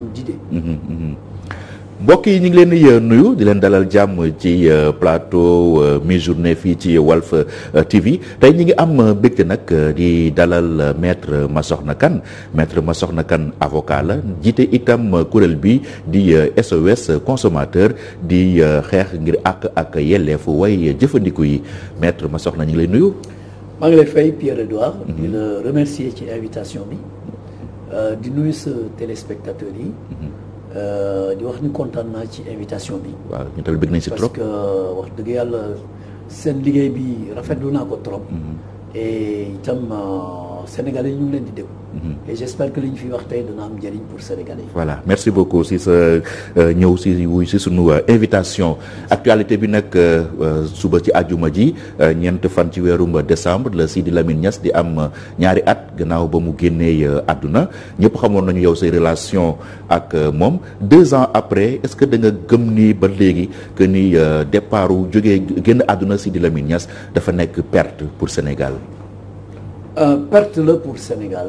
Mm-hmm. mbokk yi ñu ngi leen di euh, nuyu di leen dalal jàmm ci euh, plateau euh, mi journée fii ci Walf TV tey ñi ngi am mbégte nag di dalal maître Massokhna Kane maître Massokhna Kane avocat la jiite itam kuréel bi di SOS consommateur di xeex ngir àq ak yelleefu way jëfandiku yi ma soxna ñu ngi lay nuyu. maa ngi lay fay Pierre Edouard. Mm-hmm. di la ci invitation bi. Euh, di nuyu sa téléspectateurs yi. Mhm. Euh, di wax ni kontaan naa ci invitation bi. waaw ñu tamit bëgg nañ si trop parce que euh, wax dëgg yàlla seen liggéey bi rafetlu naa ko trop. Mhm. et itam euh, ñu ngi leen di déglu. Mhm. et j' espère que li ñu fi wax tey dana am njëriñ pour sénégalais voilà merci beaucoup si sa euh, ñëw si wuy si sunu euh, invitation actualité bi nag suba ci àjjuma ji ñeent fan ci weerum décembre la Sidi Lamine Niass di am ñaari at gannaaw ba mu génnee àdduna ñëpp xamoon nañu yow say relation ak moom deux ans après est ce que da nga gëm ni ba léegi que ni départu jógee génn àdduna Sidi Lamine Niass dafa nekk perte pour Sénégal. Euh, perte la pour Sénégal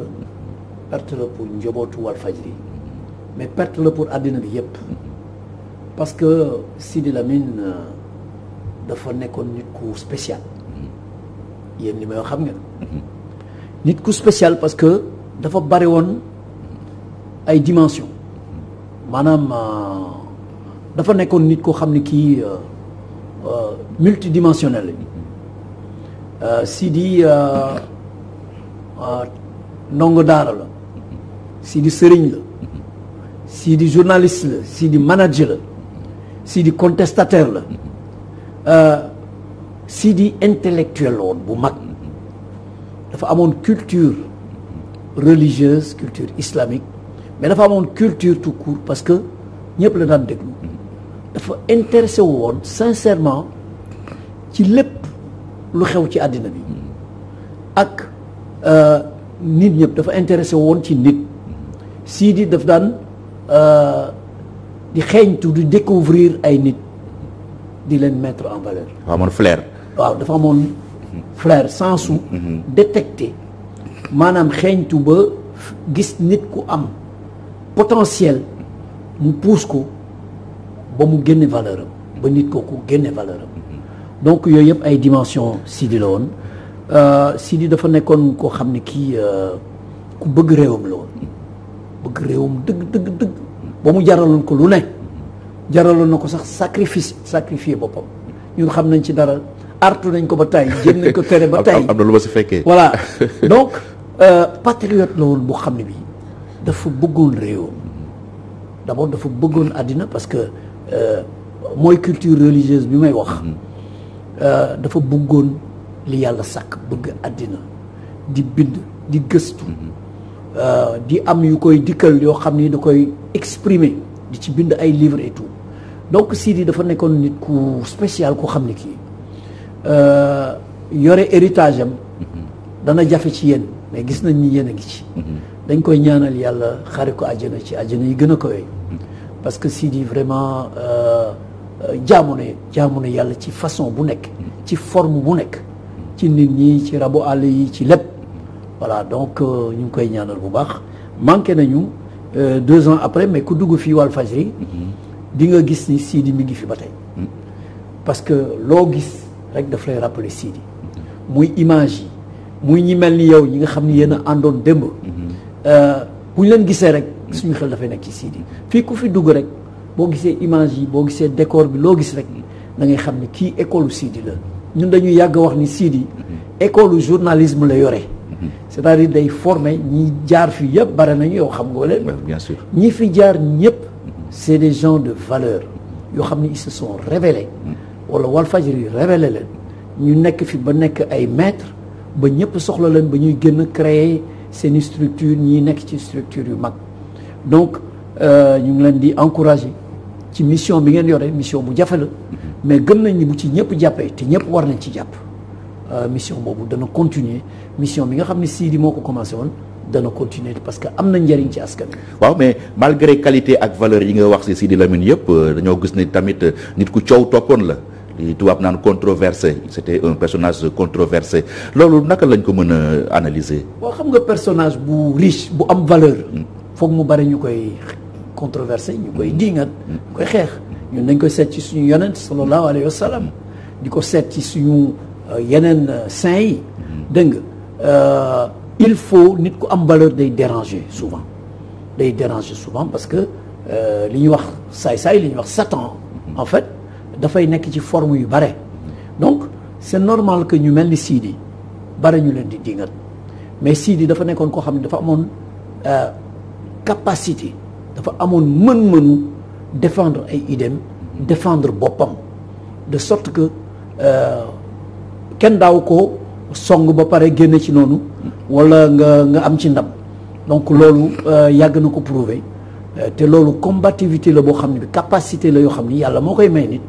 perte la pour njobootu Walfadjri mais perte la pour àddina bi yëpp parce que Sidi Lamine euh, dafa nekkoon nit ku spécial yéen li may xam nga nit ku spécial parce que dafa bari woon ay dimension maanaam euh, dafa nekkoon nit koo xam ne kii multidimensionnel la Sidi ndongo daara la si di sëriñ la si di journaliste la si di manager la si di contestataire la euh, si di intellectuel la woon bu mag dafa amoon culture religieuse culture islamique mais dafa amoon culture tout court parce que ñëpp la daan déglu dafa intéressé wu woon sincèrement ci lépp lu xew ci àddina bi Euh, nit ñëpp dafa intéressé woon ci nit di daf daan euh, di xeeñtu di découvrir ay nit di leen mettre en valeur. dafa amoon flair. waaw dafa amoon flair sensu. Mhm. détecter maanaam xeeñtu ba gis nit ku am potentiel mu pousse ko ba mu génne valeur am ba nit kooku génne valeur am mhm. donc yooyu yëpp ay dimension Sidi la woon. Euh, Sidi dafa nekkoon koo xam ne kii euh, ku bëgg réewam la woon bëgg réewam dëgg dëgg dëgg ba mu jaraloon ko lu ne jaraloon na ko sax sacrifice sacrifier boppam ñu xam nañ ci dara artu nañ ko ba tey jéem nañ ko tere ba tey am na lu ma si fekkee voilà donc euh, patriote la woon boo xam ne bii dafa bëggoon réewam d'abord dafa bëggoon àddina parce que mooy culture religieuse bi may wax mm-hmm. dafa bëggoon li yàlla sàkk bëgg àddina di bind di gëstu euh, di am yu koy dikkal yoo xam ni da koy exprimer di ci bind ay livres et tout donc Sidi dafa nekkoon nit ku spécial ku xam ni kii euh, yore héritage am dana jafe ci yéen mais gis nañ ni yéen a ngi ci dañ koy ñaanal yàlla xare ko àjjana ci àjjana yi gën a koy parce que Sidi vraiment euh, jaamu ne jaamu ne yàlla ci façon bu nekk ci forme bu nekk ci nit ñi ci rabu àll yi ci lépp voilà donc euh, ñu ngi koy ñaanal bu baax manqué nañu euh, deux ans après mais ku dugg fii Walfadjri mhm. di nga gis ni Sidi mi ngi fi ba tey mhm. parce que loo gis rek daf lay rappeler mhm. muy image yi muy ñi mel ni yow ñi nga xam ni yéen a àndoon démb euh, bu ñu leen gisee rek suñu xel dafay nekk ci Sidi fii ku fi dugg rek boo gisee image yi boo gisee décor bi loo gis rek da ngay xam ni kii école Sidi la ñun dañuy yàgg wax ni Sidi mhm. école journalisme la yore mhm. c'est-à-dire day former ñi jaar fi yëpp bare nañu yow xam nga leen ñi fi jaar ñëpp mhm. c'est des gens de valeur yoo xam ni ils se sont révélés wala Walfadjri révélé ñu nekk fi ba nekk ay maîtres ba ñëpp soxla leen ba ñuy génn créer seeni structure ñi nekk ci structure yu mag donc euh, ñu ngi leen di encourager ci mission bi ngeen yore mission bu jafe la mais gën nañ ni bu ci ñëpp jàppee te ñëpp war nañ ci jàpp euh, mission boobu dana continuer mission bi nga xam ne di moo ko commencé woon dana continuer parce que am na njëriñ ci askan waaw mais malgré qualité ak valeur yi ngay wax si Sidi Lamine yëpp euh, dañoo gis ni tamit euh, nit ku coow toppoon la li tubaab naan controversé c'était un personnage controversé loolu naka lañ ko mën a analyser. waaw xam nga personnage bu riche bu am valeur. Mm. foog mu bari ñu koy controversé koy mm. diingat mm. koy xeex. ñun dañ koy seet ci suñu yonent sallallahu alayhi wa sallam di ko seet ci suñu euh, yeneen euh, saint yi mm-hmm. dégg nga euh, il faut nit ku am valeur day déranger souvent day déranger souvent parce que li ñuy wax saay-saay li ñuy wax satan mm-hmm. en fait dafay nekk ci forme yu bare mm-hmm. donc c'est normal que ñu mel ni Sidi bare ñu leen di dingat mais Sidi dafa nekkoon koo xam ne dafa amoon capacité dafa amoon mën-mënu défendre ay idéem défendre boppam de sorte que euh, kenn daaw ko song ba pare génne ci noonu wala nga nga am ci ndab donc loolu euh, yàgg na ko prouver euh, te loolu combativité la boo xam ne bi capacité la yoo xam ni yàlla moo koy may nit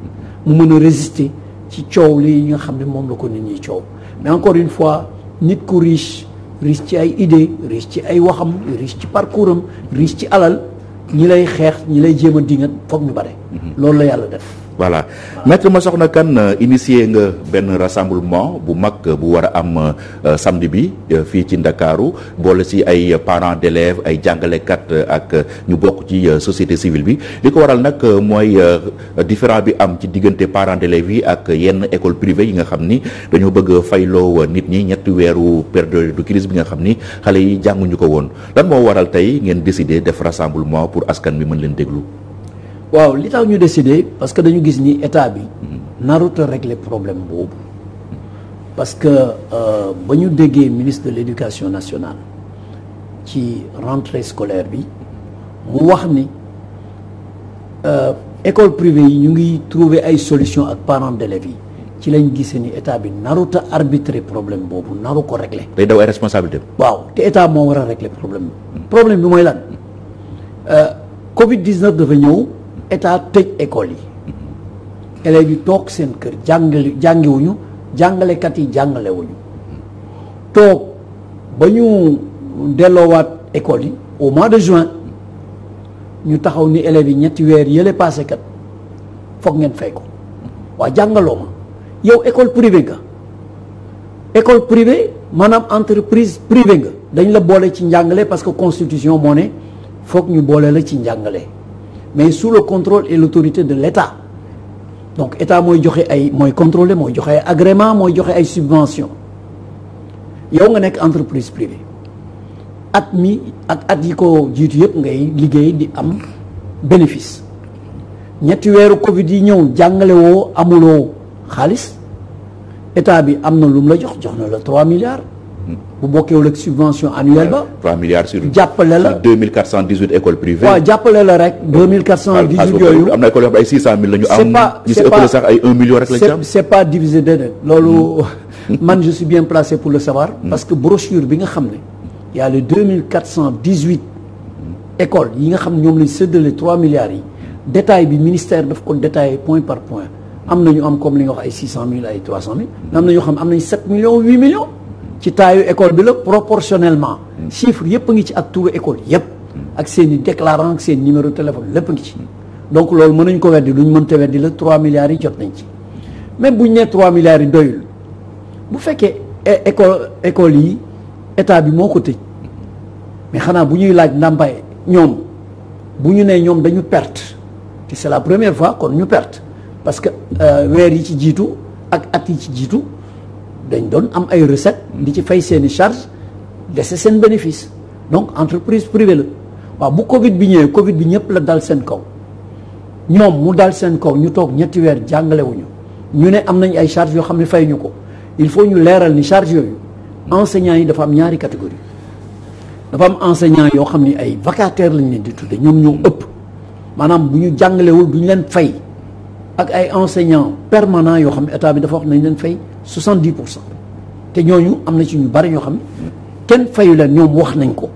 mu mën a résister ci coow lii nga xam ne moom la ko nit ñi coow mais encore une fois nit ku riche riche ci ay idée riche ci ay waxam riche ci parcours am riche ci alal ñi lay xeex ñi lay jéem a dingat foog ñu bare. Mhm. loolu la yàlla def. voilà maître Massokhna kan euh, initié nga benn rassemblement bu mag euh, bu war a am euh, samedi bi fii ci Ndakaaru boole si ay parents d'élèves ay jàngalekat ak ñu bokk ci société civile bi li ko waral nag mooy différent bi am ci diggante parents d'élèves yi ak yenn école privée yi nga xam ni dañoo bëgg fayloo nit ñi ñetti weeru période de crise bi nga xam ni xale yi jànguñu ko woon lan moo waral tey ngeen décider def rassemblement pour askan bi mën leen déglu waaw li tax ñu décidé parce que dañu gis ni état bi mm-hmm. narut a régler problème boobu parce que euh, ba ñu déggee ministre de l'éducation nationale ci rentrée scolaire bi mu wax ni euh, école privée yi ñu ngi trouver ay solution ak parents d'élèves yi ci lañ gisee ni état bi narut a arbitrer problème boobu naru ko régler. day daw ay responsabilité. waaw te état moo war a régler problème bi. Mm-hmm. problème bi mooy lan euh, Covid 19 dafa ñëw. état tëj école yi élèves yi toog seen kër jàngale jàngiwuñu jàngalekat yi jàngalewuñu toog ba ñu delloowaat école yi au mois de juin ñu taxaw ni élèves yi ñetti weer yële passé kat foog ngeen fay ko waa jàngaloo ma yow école privée nga école privée maanaam entreprise privée nga dañ la boole ci njàngale parce que constitution moo ne foog ñu boole la ci njàngale mais sous le contrôle et l'autorité de l'État donc état mooy joxe ay mooy contrôler mooy joxe ay mooy joxe ay subvention yow nga nekk entreprise privée at mi ak at yi ko jiitu yëpp ngay liggéey di am bénéfice ñetti weeru Covid yi ñëw jàngalewoo amuloo xaalis état bi am na lu mu la jox jox na la 3 milliards bu bokkeewul ak subvention annuelle ba. 3 milliards sur jàppale la 2418 écoles privées. waaw jàppale la rek 2418 am na école xam ay 600000 million rek pas divisé déedéet. loolu hmm. man je bien placé pour le savoir. Hmm. parce que brochure bi nga xam ne. y a les 2418 hmm. yi nga xam ñoom lañ séddale 3 milliards yi. détail bi ministère daf ko détaillé point par point am na ñu am comme li nga wax ay am na ñoo xam am nañ 7 millions 8 millions. ci taayu école bi la proportionnellement chiffre yëpp a ngi ci ak turu école yëpp ak seen i déclarant ak seen numéro téléphone lépp a ngi ci donc loolu mënuñ ko weddi duñ mënta weddi la 3 milliards yi jot nañ ci même buñ nee 3 milliards yi doyul bu fekkee école école yi état bi moo ko tëj mais xanaa bu ñuy laaj ndàmpaay ñoom bu ñu nee ñoom dañu perte te c'est la première fois kon ñu perte parce que euh, weer yi ci jiitu ak at yi ci jiitu dañ doon am ay recettes di ci fay seen i charge dese seen bénéfice donc entreprise privée la waaw bu Covid bi ñëwee Covid bi ñëpp la dal seen kaw ñoom mu dal seen kaw ñu toog ñetti weer jàngalewuñu ñu ne am nañ ay charges yoo xam ne fay ñu ko il faut ñu leeral ni charges yooyu enseignants yi dafa am ñaari catégorie dafa am enseignants yoo xam ne ay vacataires lañ leen di tudde ñoom ñoo ëpp maanaam bu ñu jàngalewul du ñu leen fay ak ay enseignants permanents yoo xam ne état bi dafa nañ leen fay 70 pour cent te ñooñu am na ci ñu bari ñoo xam ne kenn fayu la ñoom wax nañ ko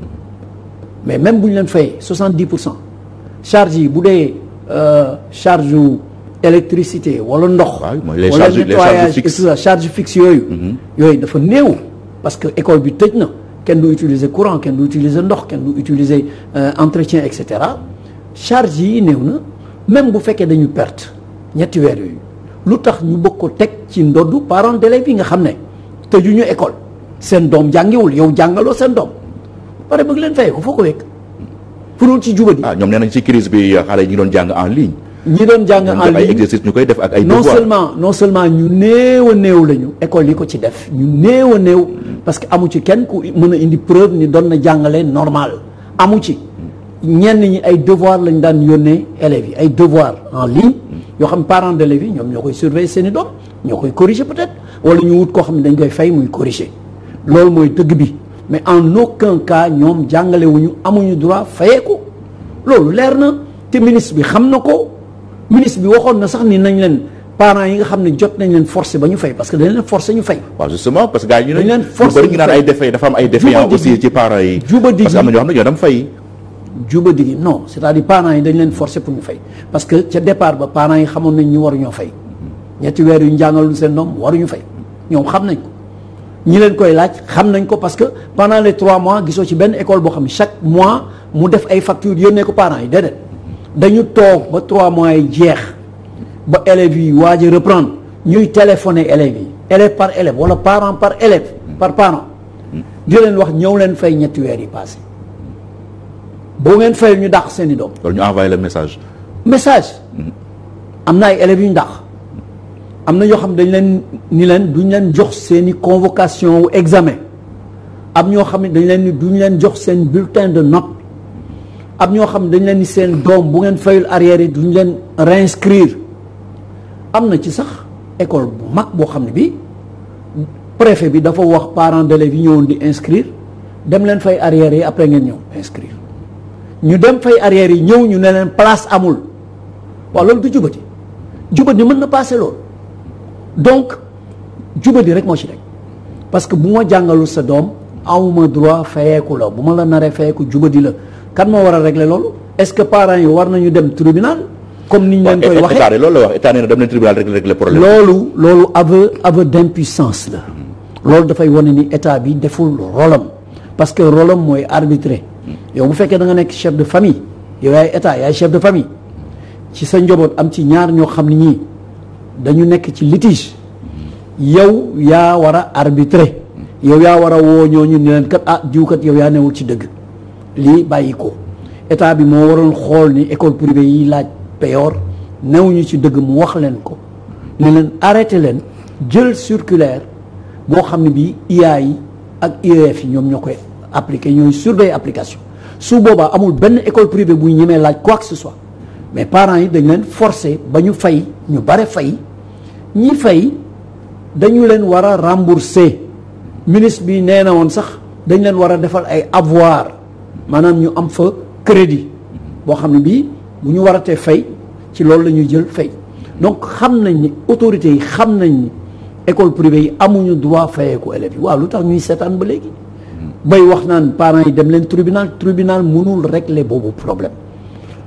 mais même bu ñu leen fayee di pour cent charge yi bu dee euh, charge wu électricité wala ndox. wala nettoyage et tout ça charge fixe yooyu. Mhm. yooyu dafa néew. parce que école bi tëj na kenn du utiliser courant kenn du utiliser ndox kenn du utiliser euh, entretien et cetera charge yi néew na même bu fekkee dañu perte ñetti weer yooyu. lu tax ñu bokk ko teg ci ndoddu parents d'élèves yi nga xam ne te ju ñu école seen doom jàngiwul yow jàngaloo seen doom pare bëgg leen fay ko foo ko wekk fu doon ci jubadi. ah ñoom nee nañ ci crise bi xale ñi doon jàng en ligne. ñi doon jàng en ligne koy def ak ay. devoir non seulement non seulement ñu néew a néew lañu école yi ko ci def ñu néew a néew. parce que amu ci kenn ku mën a indi preuve ni doon na jàngale normal amu ci. ñenn ñi ay devoir lañu daan yónnee élève yi ay devoir en ligne yoo xam parents d'élèves yi ñoom ñoo koy surveiller seen i doom ñoo koy corriger peut-être wala ñu wut koo xam ne dañ koy fay muy corriger loolu mooy dëgg bi mais en aucun cas ñoom jàngale wuñu amuñu droit fayee ko loolu leer na te ministre bi xam na ko ministre bi waxoon na sax ni nañ leen parents yi nga xam ne jot nañ leen forcé ba ñu fay parce que dañ leen forcé ñu fay. waaw justement parce que gars yi ñu ne. dañ ñu fay parce que am na ñoo xam ne ñoo dem fay. jubadi gi non c'est-à-dire parents yi dañ leen forcer pour ñu fay parce que ca départ ba parents yi xamoon nañ ñu waruñoo fay ñetti weer yu njàngalul seen doom waruñu fay ñoom xam nañ ko ñi leen koy laaj xam nañ ko parce que pendant les trois mois gisoo ci benn école boo xam ne chaque mois mu def ay factures yónnee ko parents yi déedéet dañu toog ba trois mois yi jeex ba élèves yi waaj a reprendre ñuy téléphoner élèves yi élève par élève wala parent par élève par parent leen wax ñëw leen fay ñetti weer yi boo ngeen fayul ñu dàq seen i doom. loolu ñu envoyé le message. message. am na ay élèves yu ñu dàq. am na ñoo xam dañ leen ni leen duñ leen jox seeni i convocation examen am ñoo xam ne dañ leen ni duñ leen jox seen bulletin de note am ñoo xam dañ leen ni seen doom bu ngeen fayul arrière yi duñ leen réinscrire am na ci sax école bu mag boo xam ne bi préfet bi dafa wax de d'élèves yi ñëwoon di inscrire dem leen fay arrière yi après ngeen ñëw inscrire ñu dem fay arrière yi ñëw ñu ne leen place amul waaw loolu du jubati jubati mën na passé loolu donc jubati rek moo ci rek parce que bu ma jàngalu sa doom amuma droit fayeeku la bu ma la naree fayeeku jubati la kan moo war a régler loolu est-ce que parents yi war nañu dem tribunal comme niñ leen koy waxee état loolu la wax état nee na dem nañ tribunal régler régler problème loolu loolu aveu aveu d'impuissance la hmm. loolu dafay wane ni état bi deful rôlam parce que rôlam mooy arbitrer yow bu fekkee da nga nekk chef de famille yow yaay état yaay chef de famille ci sa njaboot am ci ñaar ñoo xam ne ñii dañu nekk ci litige yow yaa war a arbitrer yow yaa war a woo ñooñu ne leen kat ah jiwkat yow yaa newul ci dëgg lii bàyyi ko état bi moo waroon xool ni école privée yi laaj peyoor newuñu ci dëgg mu wax leen ko ne leen arrêté leen jël circulaire boo xam ne bii IA yi ak IEF yi ñoom ñoo koy appliqué ñooy surveiller application su boobaa amul benn école privée bu ñemee laaj quoi que ce soit mais parent yi dañ leen forcé ba ñu fay ñu bare fay ñi fay dañu leen war a rembourser ministre bi nee na woon sax dañ leen war a defal ay avoir maanaam ñu am fa crédit boo xam ne bii bu ñu waratee fay ci loolu la ñuy jël fay donc xam nañ ni autorités yi xam nañ ni école privée yi amuñu duwaa fayee ko élèves yi waaw lu tax ñuy seetaan ba léegi may wax naan parent yi dem leen tribunal tribunal mënul régler boobu problème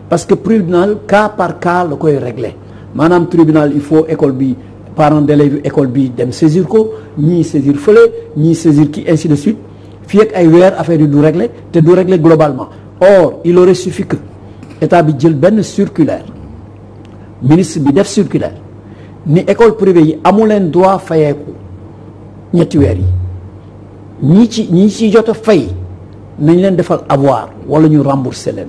parce que tribunal cas par cas la koy régler maanaam tribunal il faut école bi parents d'élèves école bi dem saisir ko ñii saisir fële ñii saisir ki ainsi de suite fii ak ay weer affaire yi du régler te du régler globalement or il aurait suffi que état bi jël benn circulaire ministre bi def circulaire ni école privée yi amu leen droit fayeeku ñetti weer yi ñi ci ñi ci jot a fay nañ leen defal avoir wala ñu rembourser leen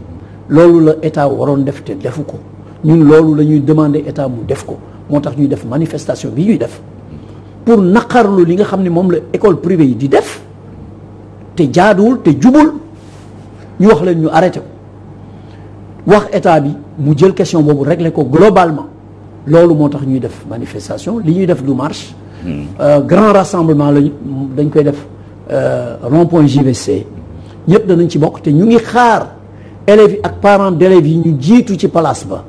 loolu la état waroon def te defu ko ñun loolu la ñuy demander état mu def ko moo tax ñuy def manifestation bi ñuy def pour naqarlu li nga xam ne moom la école privée yi di def te jaaduwul te jubul ñu wax leen ñu arrêté wax état bi mu jël question boobu régler ko globalement loolu moo tax ñuy def manifestation li ñuy def du marche. Hmm. Euh, grand rassemblement lañ dañ koy def. Euh, rond point JVC ñëpp danañ ci bokk te ñu ngi xaar élèves yi ak parents d'élèves yi ñu jiitu ci place ba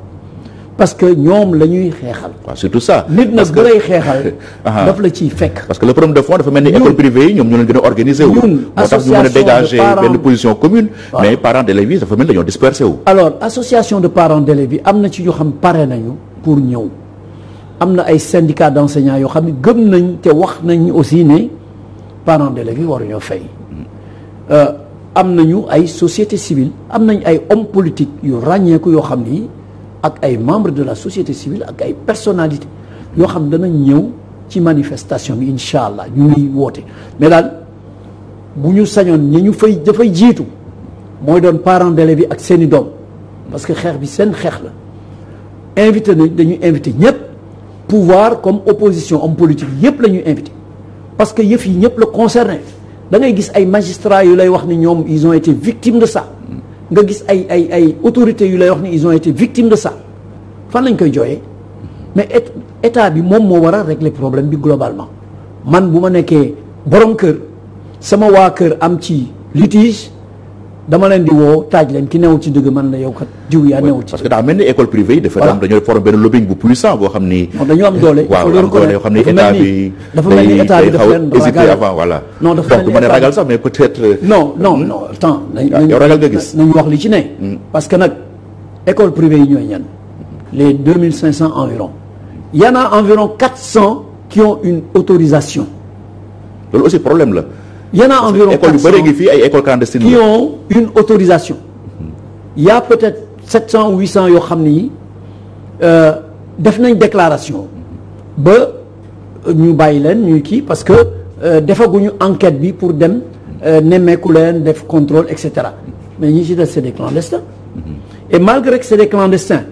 parce que ñoom la ñuy xeexal. waaw surtout ça nit nag bu lay xeexal. Ah. daf la ciy fekk. parce que le problème de fond dafa mel ni école privée yi ñoom ñoo leen gën a organisé wu. ñun moo tax ñu mën a dégager benn position commune. mais parents d'élèves yi dafa mel ni dañoo dispersé wu. alors association de parents d'élèves yi am na ci ñoo xam pare nañu pour ñëw am na ay syndicats d'enseignants yoo xam ne gëm nañ te wax nañ aussi ne. parents d'élèves yi ñoo fay euh, am nañu ay société civile am nañ ay hommes politiques yu ràññeeku yoo xam ni ak ay membres de la société civile ak ay personalité yoo xam danañ ñëw ci manifestation bi incha allah ñu ngi woote mais daal bu ñu sañoon ñu ñu fay dafay jiitu mooy doon parents d'élèves bi ak seen seeni doom parce que xeex bi seen xeex la invité nañ dañuy invité ñëpp pouvoir comme opposition homme politique yëpp la ñuy invité parce que yëf yi ñëpp la concerné dangay gis ay magistrats yu lay wax ni ñoom ils ont été victimes de sax nga gis ay ay ay autorités yu lay wax ni ils ont été victimes de ça fan lañ koy jooyee mais état bi moom moo war a régler problème bi globalement man bu ma nekkee borom kër sama waa kër am ci litige dama leen di woo taaj leen ki newu ci dëgg mën na yow kat jiw yaa newu ci parce que daa mel ni école privée yi dafa am dañoo forme benn lobbying bu puissant boo xam ni non dañoo am doole waaw am doole yoo xam ni état bi dafa mel ni état dafa leen hésité avant dafa mel ni état bi ragal sax mais wax li ci ne hmm. parce que nag école privée yi ñooy ñan les deux mille cinq cent environ y en a environ quatre cent qui ont une autorisation loolu aussi problème la y en a environ école yu fii ay école une autorisation il peut-être 700 ou 800 yoo xam ni euh, def nañ déclaration ba euh, ñu bàyyi leen ñuy kii parce que euh, defaguñu enquête bi pour dem nemmeeku leen def contrôle et cetera mais ñi ci des c'est des clandestins mm-hmm. et malgré que c'est des clandestins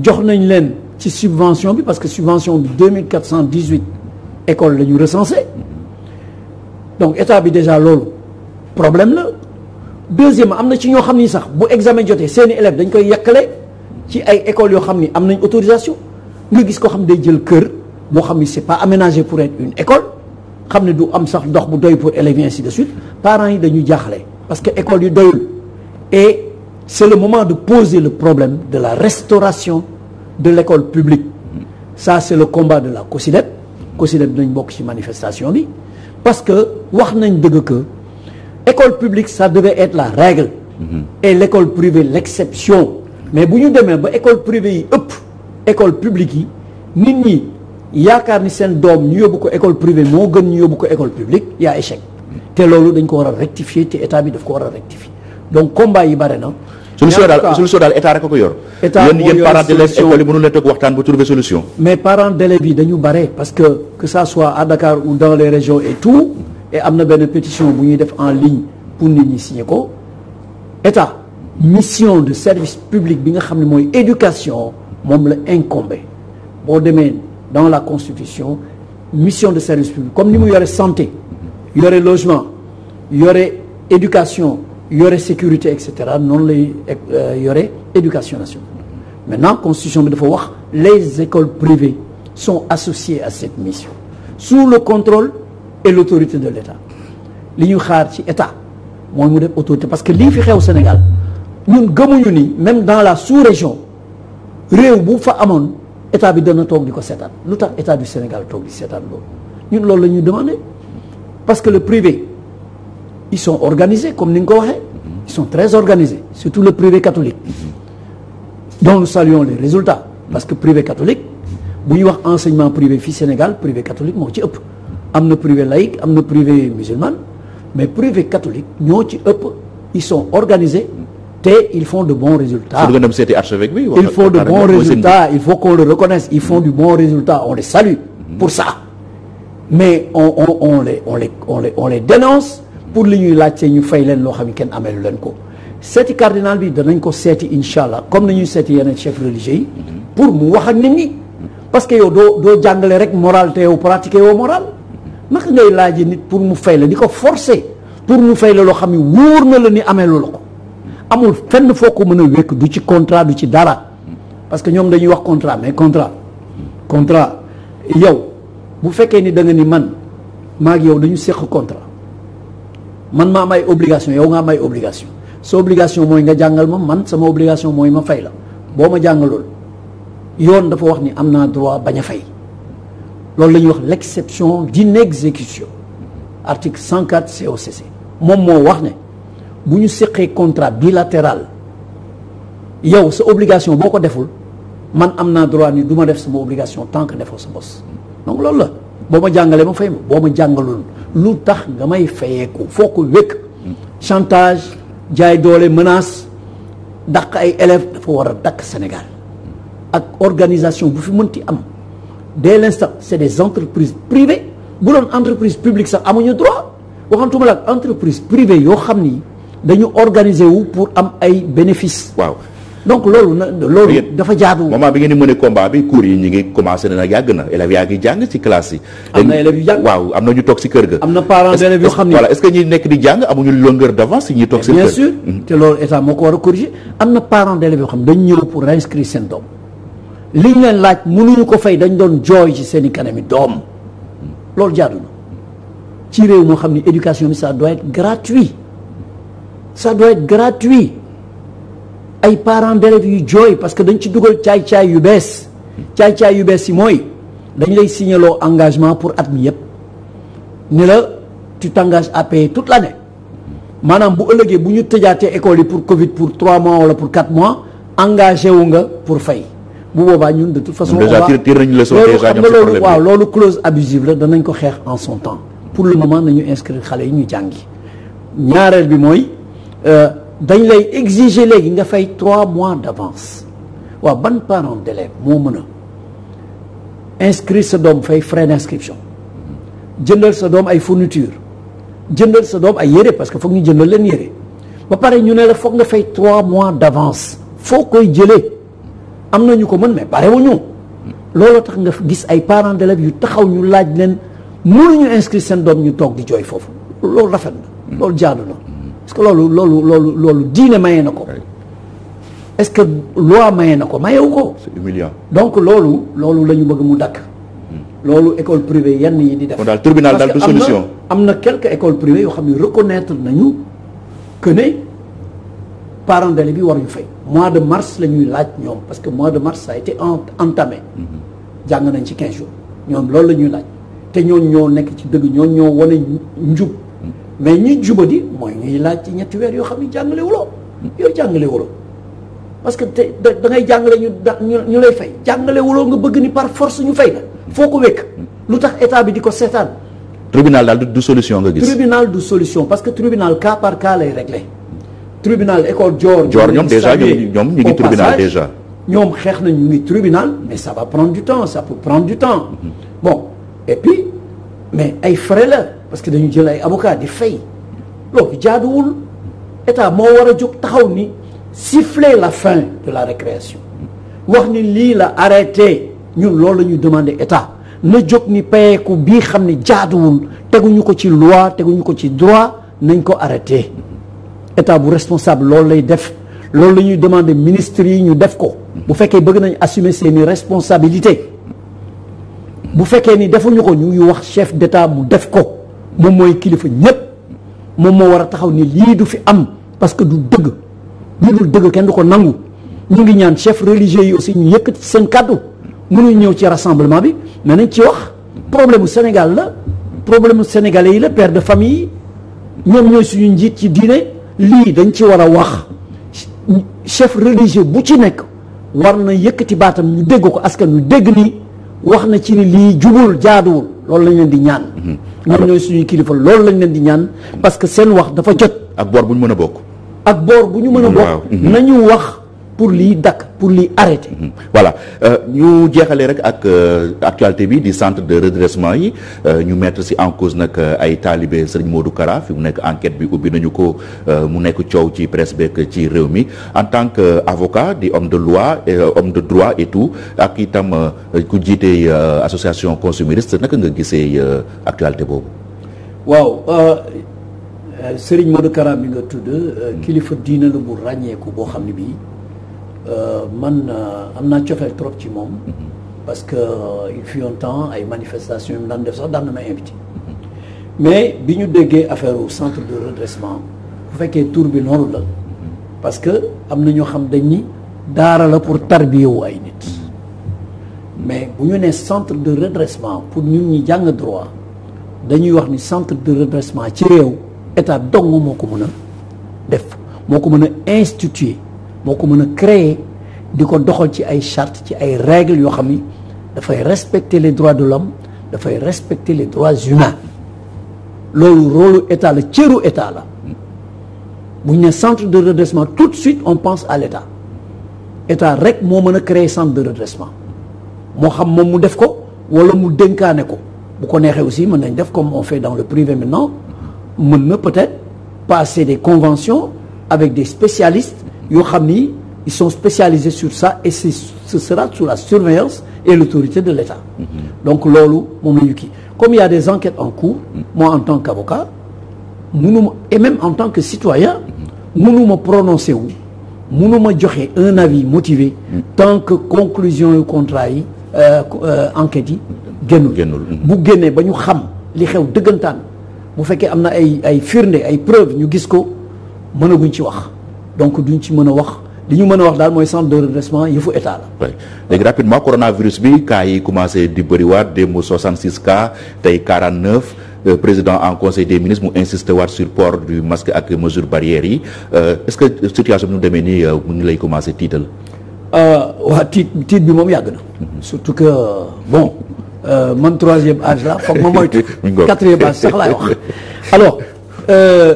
jox nañ leen ci subvention bi parce que subvention bi 2418 écoles la ñu recensé donc état bi déjà loolu problème la deuxième am na ci ñoo xam ni sax bu examen jotee seeni élèves dañ koy yàqale ci ay écoles yoo xam ni am nañ autorisation nga gis ko xam day jël kër boo xam ni c'est pas aménagé pour être une école xam ne du am sax ndox bu doy pour élèves yi de suite parents yi dañu jaaxle parce que école yu doyul et c'est le moment de poser le problème de la restauration de l'école publique ça c'est le combat de la COSYDEP COSYDEP dinañ bokk ci manifestation bi parce que wax nañ dëgg ko école publique ça devait être la règle mm-hmm. et l'école privée l'exception mais bu ñu demee ba école privée yi ëpp école publique yi nit ñi yaakaar ni seen doom ñu yóbbu ko école privée moo gën ñu yóbbu ko école publique yaa échec mm-hmm. te loolu dañ ko war a rectifier te état bi daf ko war a rectifier donc combat yi bare na solution daal solution daal état rek ko yor. état moo yor yéen parents d'élèves école yi mënu leen toog waxtaan bu trouver solution. mais parents d'élèves yi dañu bare parce que que ça soit à Dakar ou dans les régions et tout et am na benn pétition bu ñu def en ligne pour nit ñi signer ko état mission de service public bi nga xam ne mooy éducation moom la incombé boo demee dans la constitution mission de service public comme ni mu yore santé yore logement yore éducation. yore sécurité et cetera noonu lay euh, yore éducation nationale maintenant constitution bi dafa wax les écoles privées sont associées à cette mission sous le contrôle et l'autorité de l'État li ñu xaar ci état mooy mu def autorité parce que lii fi xew Sénégal ñun gëmuñu ni même dans la sous-région réew bu fa amoon état bi dana toog di ko seetaan lu tax état du Sénégal toog di seetaan loolu ñun loolu la ñuy demandé parce que le privé ils sont organisés comme ni nga ko waxee ils sont très organisés le privé catholique dont nous saluons les résultats parce que privé catholique bu wax enseignement privé fii Sénégal privé catholique moo ci ëpp am na privé laïque am na privé musulman mais privé catholique ñoo ci ëpp ils sont organisés te ils font de bons résultats il faut de bons résultats il faut qu'on le reconnaisse ils font du bon résultat on les salue pour ça mais on on on on les dénonce pour li ñuy laajte ñu fay leen loo xam ne kenn amelu leen ko seeti cardinal bi danañ ko seeti incha allah comme nañuy seeti yeneen chef religieux yi mhm. pour mu wax ak nit ñi parce que yow doo doo jàngale rek moral te yow pratiquer yow moral mhm. naka ngay laajee nit pour mu fay la ni ko forcer pour mu fay la loo xam ne wóor na la ni amelu la ko amul fenn foo ko mën a wékk du ci contrat du ci dara mhm. parce que ñoom dañuy wax contrat mais contrat contrat yow bu fekkee ni da nga ni man maag yow dañu séq contrat man ma am ay obligation yow nga am ay obligation sa obligation mooy nga jàngal ma man sama obligation mooy ma fay la boo ma jàngalul yoon dafa wax ni am naa droit bañ a fay loolu la ñuy wax l' exception d' inexécution article 104 COCC moom moo wax ne bu ñu séqee contrat bilatéral yow sa obligation boo ko deful man am naa droit ni duma def sama obligation tant que defoo sa bos donc loolu la boo ma jàngalee ma fay ma boo ma jàngalul lu tax nga may fayeeku foo ko wékk chantage jaay doole menace daq ay élèves dafa war a dàq Sénégal ak organisation bu fi mënti am dès l'instant c'est des entreprises privées bu doon entreprise publique sax amuñu droit waxantuma la ak entreprise privée yoo xam ni dañu organiser wu pour am ay bénéfices waaw donc loolu na loolu dafa jaadu. moment bi ngeen di mën a combat bi cours yi ñu ngi commencé na yàgg na élèves yaa ngi jàng ci classe yi. waaw am na ñu toog si kër ga. am na parents d'élèves yoo xam ne voilà est nekk di jàng amuñu longueur d'avance ñi toog si kër bien sûr mm-hmm. te loolu état a corriger am na parents d'élèves yoo xam dañ ñëw pour réinscrire seen doom li leen laaj mënuñu ko fay dañu doon jooy ci seen i kanami doom loolu jaadu na ci réew moo xam ni éducation bi ça doit être gratuit sa doit être gratuit ay parents d'élèves yu jooy parce que dañ ci dugal caay-caay yu bees caay-caay yu bees yi mooy dañ lay signaloo engagement pour at mi yëpp ne la tu t'engages à tout la l'année maanaam bu ëllëgee bu ñu tëjaatee école yi pour Covid pour 3 mois wala pour 4 mois engagé wu nga pour fay bu boobaa ñun de toute façon. déjà tiré nañu leçon déjà waaw loolu clause abusive la danañ ko xeex en son temps pour le moment nañu inscrire xale yi ñu jàngi ñaareel bi mooy. Euh, dañ lay exiger léegi nga fay trois mois d'avance waaw ban parent d'élève moo mën a inscrire sa doom fay frais d'inscription jëndal sa doom ay fourniture jëndal sa doom ay yére parce que foog ñu jëndal leen yére ba pare ñu ne la foog nga fay trois mois d'avance foo koy jële am na ñu ko mën mais pare wu ñu looloo tax nga gis ay parents d'élèves yu taxaw ñu laaj leen mënuñu inscrire seen doom ñu toog di jooy foofu loolu rafet na loolu jaadu na parce que loolu loolu loolu loolu diine maye na ko. est-ce que loi maye na ko mayewu ko. c'est humiliant. donc loolu loolu la ñu bëgg mu dakk hmm. loolu école privée yenn yi di def. kon daal tribunal daal du solution am na quelques école privées yoo xam ne reconnaître nañu que ne parents bi bi waruñu fay. mois de mars la ñuy laaj ñoom parce que mois de mars ça a été entamé. Hmm. jàng nañ ci 15 jours ñoom loolu la ñuy laaj te ñooñu ñoo nekk ci dëgg ñooñu ñoo wane njub. mais ñuy ñi di mooy ñuy laaj ci ñetti weer yoo xam ne jàngale wuloo yow jàngale wuloo parce que te da ngay jàngale ñu da ñu lay fay jàngale wuloo nga bëgg ni par force ñu fay la foo ko wekk lu tax état bi di ko seetaan. tribunal daal du solution nga gis. tribunal du solution parce que tribunal cas par cas lay réglé. tribunal école Dior. Dior ñoom déjà ñoom ñu ngi tribunal déjà. ñoom xeex nañ ñu ngi tribunal mais ça va prendre du temps ça peut prendre du temps. Mhm. bon et puis mais ay frais la. parce que dañu jël ay avocat di fay loolu jaaduwul état moo war a jóg taxaw ni siffler la fin de la récréation wax ni lii la arrêté ñun loolu la ñu demandé état na jóg ni payeeku bii xam ne jaaduwul teguñu ko ci loi teguñu ko ci droit nañ ko arrêté état bu responsable loolu lay def loolu la ñuy demandé ministres yi ñu def ko bu fekkee bëgg nañ assumer seeni responsabilité bu fekkee ni defuñu ko ñu ngi wax chef d'état mu def ko moom mooy kilifa ñëpp moom moo war a taxaw ni lii du fi am parce que du dëgg lii dul dëgg kenn du ko nangu ñu ngi ñaan chef religieux yi aussi ñu yëkkati seen kàddu mënuñ ñëw ci rassemblement bi mais nañ ci wax problème mu Sénégal la problème mu sénégalais yi la père de famille yi ñoom ñooy suñu njiit ci diine lii dañ ci war a wax chef religieux bu ci nekk war na yëkkati baatam ñu dégg ko askan ñu dégg nii wax na ci ni lii jubul jaaduwul. loolu lañ leen di ñaan. Mhm. ñoom ñooy suñuy kilifa loolu lañ leen di ñaan parce que seen wax dafa jot. ak boor bu ñu mën a bokk. ak boor bu ñu mën a mhm. bokk. Mhm. nañu wax. pour lii dakk pour lii arrêter. Mm-hmm. voilà euh, ñu jeexalee rek ak euh, actualité bi di centre de redressement yi euh, ñu mettre ci en cause nag ay taalibe Serigne Modou Kara fi mu nekk enquête bi ubbi nañu ko mu nekk coow ci presse beeg ci réew mi en tant que avocat di homme de loi et homme de droit et tout ak itam ku jiitee association consumériste naka nga gisee actualité boobu. waaw Serigne Modou Kara mi nga tudd. kilifa diina la bu ràññeeku boo xam ne bii. Euh, man euh, am naa cofeel trop ci moom mhm. parce que euh, il fut un temps ay manifestation yu mu daan def sax daan na ma invité mhm. mais bi ñu déggee affaire au centre de redressement bu fekkee tour bi noonu la mhm. parce que am na ñoo xam dañ ni daara la pour tarbiyewu ay nit mais bu ñu nee centre de redressement pour ñu ñi jàng droit dañuy wax ni centre de redressement ci réew état dong moo ko mën a def moo ko mën a instituer moo ko mën a créer di ko doxal ci ay charte ci ay règles yoo xam ni dafay respecter les droits de l'homme dafay respecter les droits humains loolu rôlu état la cëru état la bu ñu ne centre de redressement tout de suite on pense à l'état état rek moo mën a créer centre de redressement moo xam moom mu def ko wala mu dënkaane ko bu ko neexee aussi mën nañ def comme on fait dans le privé maintenant mën na peut-être passer des conventions avec des spécialistes yoo xam ni ils sont sur ça et c'est ce sera sous la surveillance et l'autorité de l'État mm donc loolu moom la ñu kii comme il y des enquêtes en cours mm-hmm. moi en tant qu'avocat mënuma et même en tant que citoyen mënuma mm-hmm. prononcer wu ma joxe un avis motivé tant que conclusion y contrat yi euh, euh, enquêtes yi génnul bu génnee ba ñu xam li xew dëggantaan bu fekkee am na ay ay firnde ay preuve ñu gis ko mënaguñ ci wax donc ñu ci mën a wax li ñu mën a wax daal mooy centre de redressement yëfu état la. léegi rapidement coronavirus bi cas yi commencé di bëriwaat démb 66 cas tey 49. Euh, président en conseil des ministres mu insisté waat sur port du masque ak mesures barrières yi euh, est-ce que situation bi nu demee nii euh, mu ngi lay commencé tiital. Euh, waa tiit bi moom yàgg na. Mm-hmm. surtout que bon euh, man troisième âge la foog ma moytu. quatrième âge sax laay wax alors. Euh,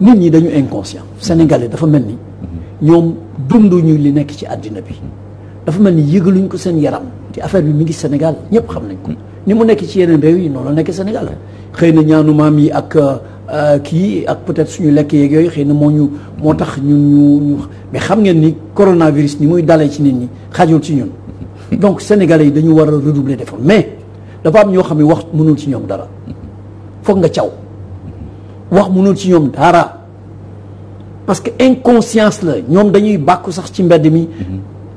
nit ñi dañu inconscient mm-hmm. sénégalais dafa mel ni mm-hmm. ñoom dunduñu li nekk ci àddina bi mm-hmm. dafa mel ni yëgaluñ ko seen yaram te affaire bi mi ngi Sénégal ñëpp xam nañ ko ni mu nekk ci yeneen réew yi noonu la nekk Sénégal xëy na ñaanu maam yi ak euh, kii ak peut-être suñu lekk yeeg yooyu xëy na moo ñu moo tax ñu ñu mais xam ngeen ni coronavirus ni muy dalee ci nit ñi xaajul ci ñun donc sénégalais yi dañu war a redoubler d'efforts mais dafa am ñoo xam ne wax mënul ci ñoom dara foog nga caw wax mënul ci ñoom dara parce que inconscience la ñoom dañuy bàkku sax ci mbedd mi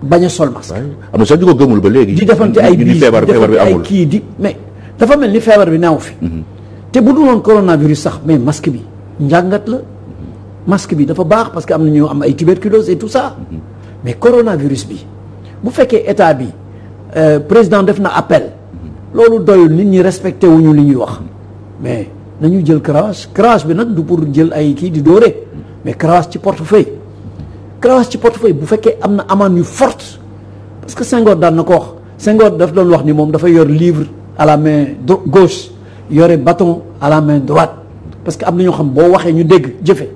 bañ a sol masque am na sax ñu ko gëmul ba léegi di defante ay biis di defante ay kii di mais dafa mel ni feebar bi naaw fi mhm. te bu duloon coronavirus sax mais masque bi njàngat la masque bi dafa baax parce que am na ñoo am ay tuberculose et tout ça mhm. mais coronavirus bi bu fekkee état bi euh, président def na appel mhm. loolu doyul nit ñi respecté wuñu li ñuy wax nañu jël crasse crasse bi nag du pour jël ay kii di dóore mais crasse ci portefeuille crasse ci portefeuille bu fekkee am na amende yu forte parce que Senghor daan na ko wax Senghor daf doon wax ni moom dafay yor livre à la main gauche yore bâton à la main droite parce que am na ñoo xam boo waxee ñu dégg jëfe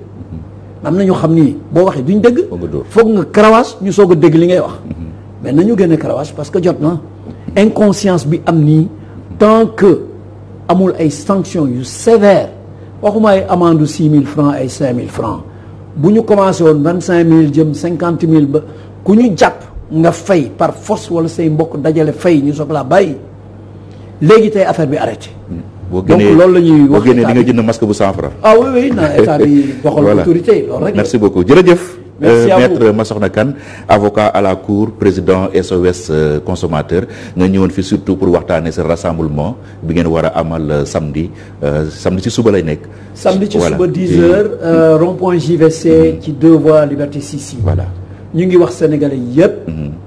am na ñoo xam ni boo waxee duñ dégg foog nga crasse ñu soog a dégg li ngay wax mm-hmm. mais nañu génne crasse parce que jot na inconscience bi am nii amul ay sanctions yu sévères waxuma ay amende six mille francs ay cinq mille francs bu ñu commencé woon vingt cinq mille jëm cinquante mille ba ku ñu jàpp nga fay par force wala say mbokk dajale fay ñu soog laa bàyyi léegi tey affaire bi arrêté. Hmm. boo génnee donc loolu la ñuy wax boo génnee di nga jënd masque bu cent francs. ah oui oui na état bi doxal autorité loolu rek. merci beaucoup jërëjëf. ma soxna kan avocat à la cour président SOS euh, consommateur nga ñëwoon fi surtout pour waxtaanee sa rassemblement bi ngeen war a amal euh, samedi euh, samedi ci suba lay nekk. samedi ci suba 10h mm. rond point JVC. Mm. ci deux voies Liberté ci yi. voilà ñu ngi wax sénégalais yëpp. Mm.